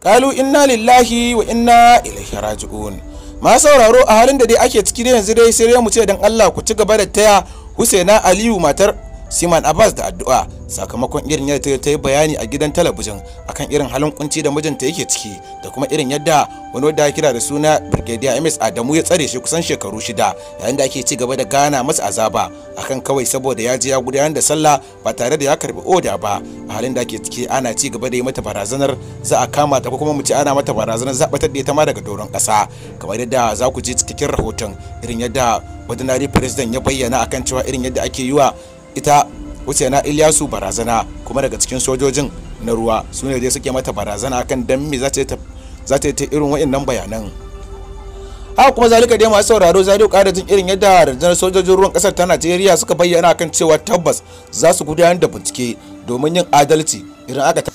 kalu inna lillahi wa inna ilaihi raji'un ma sauraro a halin da dai ake ciki da yanzu dai sai mu ce dan Allah ku ci gaba da taya Husaina Aliyu matar siman abbas da addu'a sakamakon irin yadda ta yi bayani a gidan talabijin akan irin halin kunci da mijinta yake ciki da kuma irin yadda wani wadda ya kira da suna brigadier ms adamu ya tsare shi kusan shekaru shida yayin da ake ci gaba da gana masa azaba akan kawai saboda ya je ya gudanar da sallah ba tare da ya karbi oda ba a halin da ake ciki ana ci gaba da yi mata barazanar za a kama ta ko kuma mu ce ana mata barazanar zabatar da ita ma daga doron kasa kamar yadda za ku ji cikakken rahoton irin yadda ordinary president ya bayyana akan cewa irin yadda ake yi wa ita na Ilyasu barazana kuma daga cikin sojojin na ruwa su ne dai suke mata barazana kan dan me za ta yi ta irin waɗannan bayanan haka kuma zalika dai masu sauraro zai da jin irin yadda rundunar sojojin ruwan kasar ta Najeriya suka bayyana kan cewa tabbas za su gudanar da bincike domin yin adalci idan aka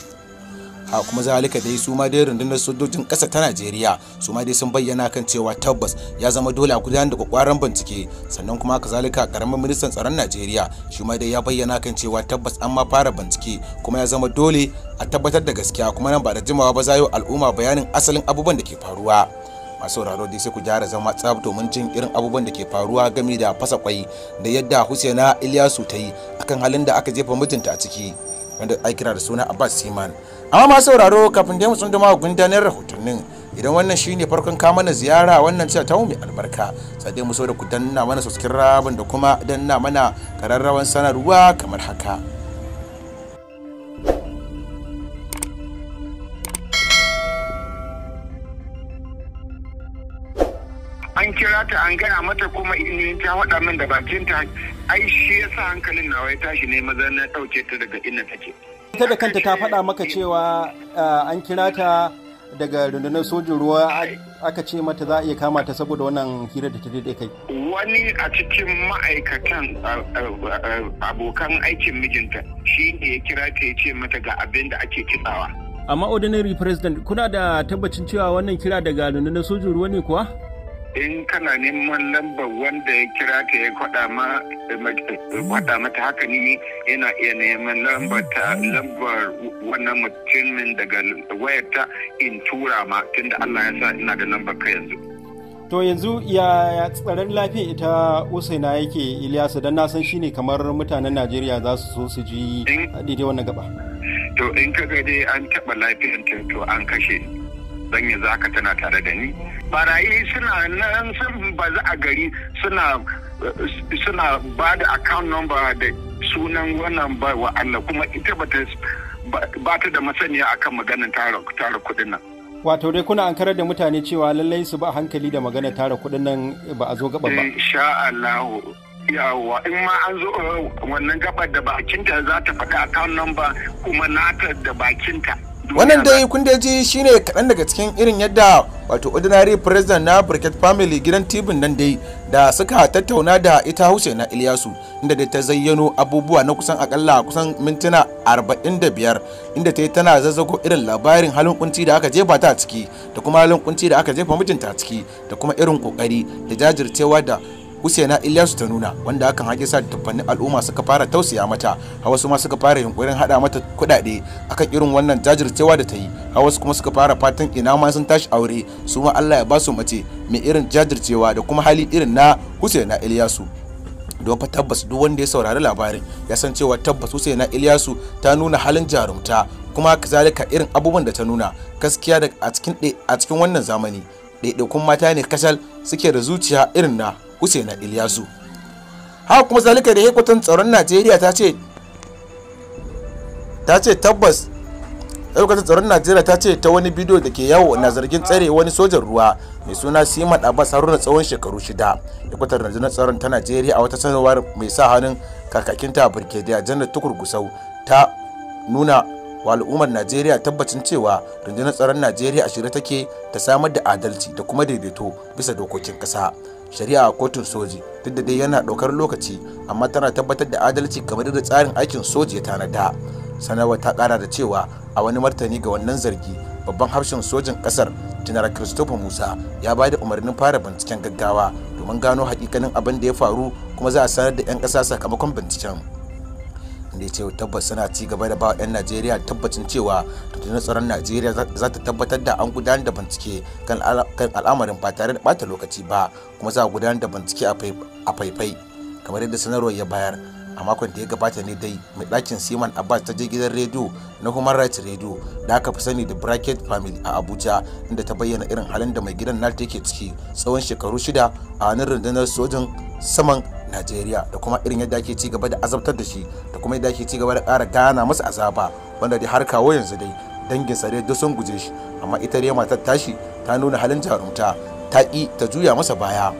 a kuma zalika dai su ma dai rundunar sojojin ƙasa ta Najeriya su ma dai sun bayyana kan cewa tabbas ya zama dole a gudanar da kwakwaran bincike sannan kuma kazalika karamin ministan tsaron Najeriya shi ma dai ya bayyana kan cewa tabbas an ma fara bincike kuma ya zama dole a tabbatar da gaskiya kuma nan ba da jimawa ba yi al'umma bayanin asalin abubuwan da ke faruwa masu sauraro dai sai ku gyara zama tsab domin jin irin abubuwan da ke faruwa gami da fasa kwai da yadda Husaina iliyasu ta yi akan halin da aka jefa mijinta a ciki wanda kira da suna Abbas Siman amma masu sauraro kafin da mu tsunduma gundanar rahotannin idan wannan shine farkon kama na ziyara wannan cewa ta mai albarka sai mu so da ku danna mana rabin da kuma danna mana kararrawan sanarwa kamar haka an kira ta an gaya mata kuma ne ta wada min da bakin ta ai shi yasa hankalin nawa ya tashi ne maza na ɗauke ta daga inda take ita da kanta ta faɗa maka cewa eh, an kira ta daga rundunar sojin ruwa aka ce mata za a iya kama ta saboda wannan hira da ta daidai kai wani a cikin ma'aikatan abokan aikin mijinta shi ne ya kira ta ya ce mata ga abin da ake kitsawa amma ordinary president kuna da tabbacin cewa wannan kira daga rundunar sojin ruwa ne kuwa in kana neman lambar wanda ya kira ta ya kwada mata haka ne yana iya neman lambar ta lambar wannan mutumin daga wayarta in tura ma tunda Allah ya sa ina da lambar ka yanzu. To yanzu ya tsaron lafiya ita Usaina yake Ilyasu don na san shine kamar mutanen Najeriya za su so su ji daidai wannan gaba. To in kaga dai an taɓa lafiyar to an kashe. dan yanzu haka tana tare da ni barayi suna nan sun za a gari suna suna ba da account number da sunan wannan ba wa Allah kuma ita ba ta da masaniya akan maganar tara kuɗin nan wato dai kuna ankara da mutane cewa lallai su ba hankali da magana tara kuɗin nan ba a zo gaba ba insha Allah yawa in ma an zo uh, wannan gabar da bakinta za ta faɗi account number kuma nata da bakinta wannan dai kun da ji shine kaɗan daga cikin irin yadda wato ordinary president na Briket family gidan tibin nan dai da suka tattauna da ita na Ilyasu inda dai ta zayyano abubuwa na kusan akalla kusan mintuna 45 inda ta yi tana zazzago irin labarin halin kunci da aka jefa ta ciki da kuma halin kunci da aka jefa mijinta ciki da kuma irin kokari da jajircewa da Usaina Ilyas ta nuna wanda hakan haƙi sa tuffanni al'umma suka fara tausaya mata a wasu ma suka fara yunkurin haɗa mata kuɗaɗe akan irin wannan jajircewa da ta yi a wasu kuma suka fara fatan ina ma sun tashi aure su ma Allah ya ba su mace mai irin jajircewa da kuma hali irin na Usaina Ilyasu don fa tabbas duk wanda ya saurari labarin ya san cewa tabbas Usaina Ilyasu ta nuna halin jarumta kuma kazalika irin abubuwan da ta nuna gaskiya da a cikin a cikin wannan zamani ɗaiɗaikun mata ne kasal suke da zuciya irin na Hussein Ilyasu haka kuma zalika da hekwatan tsaron Najeriya ta ce ta ce tabbas tsaron najeriya ta ce ta wani bidiyo da ke yawo na zargin tsare wani sojan ruwa mai suna siman abbas haruna tsawon shekaru shida ikwatar rundunar tsaron ta najeriya a wata sanarwar mai sa hannun ta birgediya janar tukur gusau ta nuna wa al'ummar najeriya tabbacin cewa rundunar tsaron najeriya a shirye take ta samar da adalci da kuma daidaito bisa dokokin ƙasa shari'a a kotun soji duk da dai yana ɗaukar lokaci amma tana tabbatar da adalci kamar da tsarin aikin soji ya tanada sanarwar ta kara da cewa a wani martani ga wannan zargi babban harshen sojin ƙasar janar christopher musa ya ba da umarnin fara binciken gaggawa domin gano hakikanin abin da ya faru kuma za a sanar da 'yan ƙasa sakamakon binciken da cewa tabbas suna ci gaba da ba 'yan najeriya tabbacin cewa tattalin tsaron najeriya za ta tabbatar da an gudanar da bincike kan al'amarin ba tare da bata lokaci ba kuma za a gudanar da bincike a faifai kamar yadda sanarwar ya bayar a makon da ya gabata ne dai mai ɗakin siman abbas ta je gidan rediyo na human rights radio da aka fi sani da bracket family a abuja inda ta bayyana irin halin da mai gidan nata yake ciki tsawon shekaru shida a hannun rundunar sojin saman najeriya da kuma irin yadda ake ci gaba da azabtar da shi da kuma yadda ake ci gaba da ƙara gana masa azaba wanda dai har kawo yanzu dai dangin dai duk sun guje shi amma ita dai matar tashi ta nuna halin jarumta ta ƙi ta juya masa baya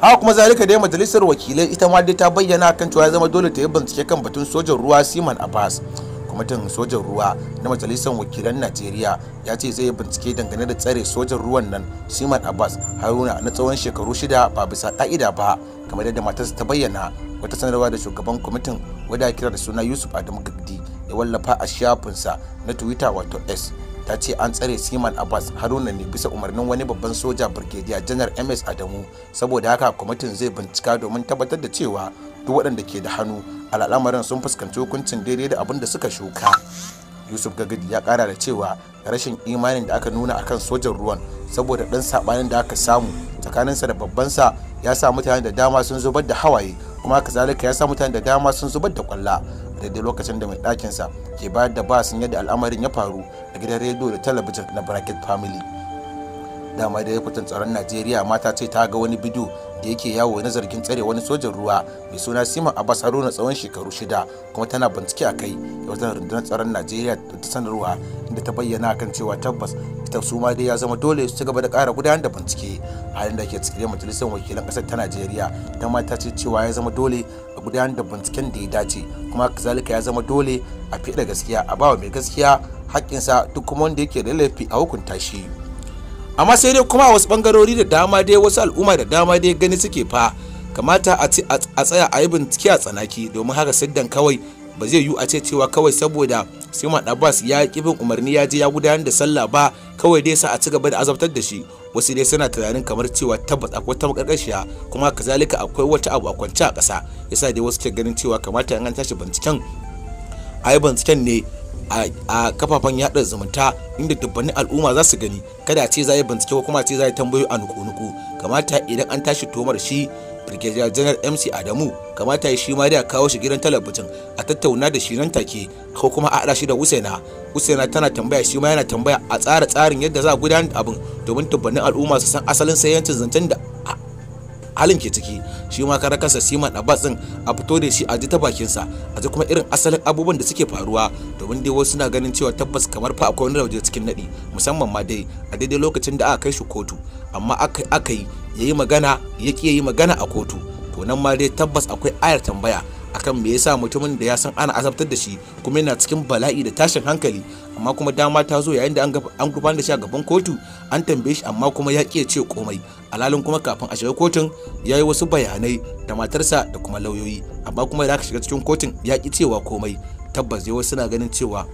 haka kuma zalika dai majalisar wakilai ita ma dai ta bayyana kan cewa ya zama dole ta yi bincike kan batun sojan ruwa siman abbas kwamitin sojan ruwa na majalisar wakilan najeriya ya ce zai yi bincike dangane da tsare sojan ruwan nan siman abbas haruna na tsawon shekaru shida ba bisa ka'ida ba kamar yadda matarsa ta bayyana wata sanarwa da shugaban kwamitin wadda kira da suna yusuf adamu gadi ya wallafa a shafinsa na twitter wato s ta ce an tsare siman abbas haruna ne bisa umarnin wani babban soja birgediya janar ms adamu saboda haka kwamitin zai bincika domin tabbatar da cewa duk waɗanda ke da hannu al'amarin sun fuskanci hukuncin daidai da abin da suka shuka yusuf gagadi ya kara da cewa rashin imanin da aka nuna akan sojan ruwan saboda ɗan saɓanin da aka samu tsakaninsa da babban sa ya sa mutane da dama sun zubar da hawaye kuma kazalika ya sa mutane da dama sun zubar da kwalla daidai lokacin da mai ɗakinsa ke bayar da basin yadda al'amarin ya faru a gidan rediyo da talabijin na bracket family dama da yakutan tsaron najeriya mata ce ta ga wani bidiyo da yake yawo na zargin tsare wani sojan ruwa mai suna simon abbas haruna tsawon shekaru shida kuma tana bincike a kai da wata rundunar tsaron najeriya da ta sanarwa inda ta bayyana kan cewa tabbas ita su ma dai ya zama dole su ci gaba da ƙara gudanar da bincike halin da ke cikin majalisar wakilan ƙasar ta najeriya ta mata ce cewa ya zama dole a gudanar da binciken da ya dace kuma kazalika ya zama dole a fiye da gaskiya a bawa mai gaskiya haƙƙinsa duk kuma wanda yake da laifi a hukunta shi. amma sai dai kuma a wasu bangarori da dama dai wasu al'umma da dama dai gani suke fa kamata a a tsaya a yi bincike a tsanaki domin haka siddan kawai ba zai yiwu a ce cewa kawai saboda sima Abbas ya ki bin umarni ya je ya gudanar da sallah ba kawai dai sa a ci gaba da azabtar da shi wasu dai suna tunanin kamar cewa tabbas akwai ta makarkashiya kuma kazalika akwai wata abu a kwance a ƙasa yasa dai wasu ke ganin cewa kamata an tashi binciken a yi binciken ne a kafafen yada zumunta inda dubbanin al'umma za su gani kada ce za yi bincike ko kuma ce za yi tambayo a nuku-nuku kamata idan an tashi tomar shi brigadier general mc adamu kamata shi ma da kawo shi gidan talabijin a tattauna da shi nan take ko kuma a haɗa shi da husaina husaina tana tambaya shi ma yana tambaya a tsara tsarin yadda za a gudanar da abin domin tabbanin al'umma su san asalin sayancin zancen da halin ke ciki shi ma karan kansa siman abbas din a fito da shi a ji ta bakinsa a ji kuma irin asalin abubuwan da suke faruwa domin dai wasu na ganin cewa tabbas kamar fa akwai wani rauje cikin nadi musamman ma dai a daidai lokacin da aka kai shi kotu amma aka yi ya yi magana ya ƙi yi magana a kotu to nan ma dai tabbas akwai ayar tambaya akan me yasa mutumin da ya san ana azabtar da shi kuma yana cikin bala'i da tashin hankali amma kuma dama ta zo yayin da an gurfanar da shi a gaban kotu an tambaye shi amma kuma ya ƙi ce komai alalin kuma kafin a shiga kotun ya yi wasu bayanai da matarsa da kuma lauyoyi amma kuma idan aka shiga cikin kotun ya ƙi cewa komai tabbas yawa suna ganin cewa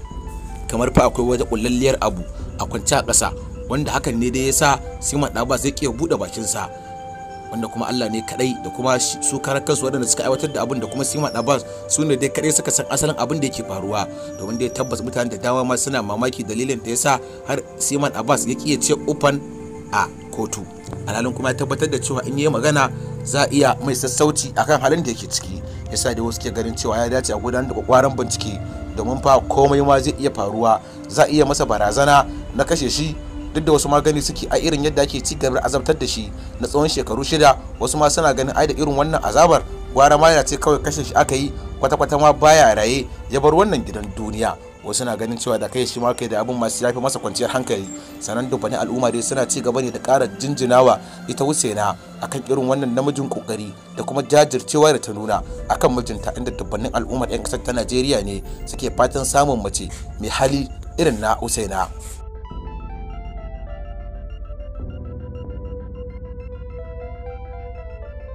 kamar fa akwai wata kullalliyar abu a kwance a ƙasa wanda hakan ne dai yasa Siman Daba zai iya buɗe bakinsa wanda kuma Allah ne kadai da kuma su karakar kansu waɗanda suka aiwatar da abin da kuma Sima Abbas su ne dai kadai suka san asalin abin da yake faruwa domin dai tabbas mutane da dama ma suna mamaki dalilin da yasa har Siman Abbas ya kiyace ce ufan a kotu alhalin kuma ya tabbatar da cewa in yi magana za a iya mai sassauci akan halin da yake ciki yasa dai wasu ke ganin cewa ya dace a gudanar da kwakwaran bincike domin fa komai ma zai iya faruwa za a iya masa barazana na kashe shi duk da wasu ma gani suke a irin yadda ake ci gaba azabtar da shi na tsawon shekaru shida wasu ma suna ganin ai da irin wannan azabar gwara ma ya ce kawai kashe shi aka yi kwata-kwata ma baya raye ya bar wannan gidan duniya wasu na ganin cewa da kai shi ma kai da abin masu yafi masa kwanciyar hankali sanan dubbanin al'umma dai suna ci gaba ne da ƙara jinjinawa ita husaina akan irin wannan namijin kokari da kuma jajircewa da ta nuna akan mijinta inda dubbanin al'ummar 'yan kasar ta najeriya ne suke fatan samun mace mai hali irin na husaina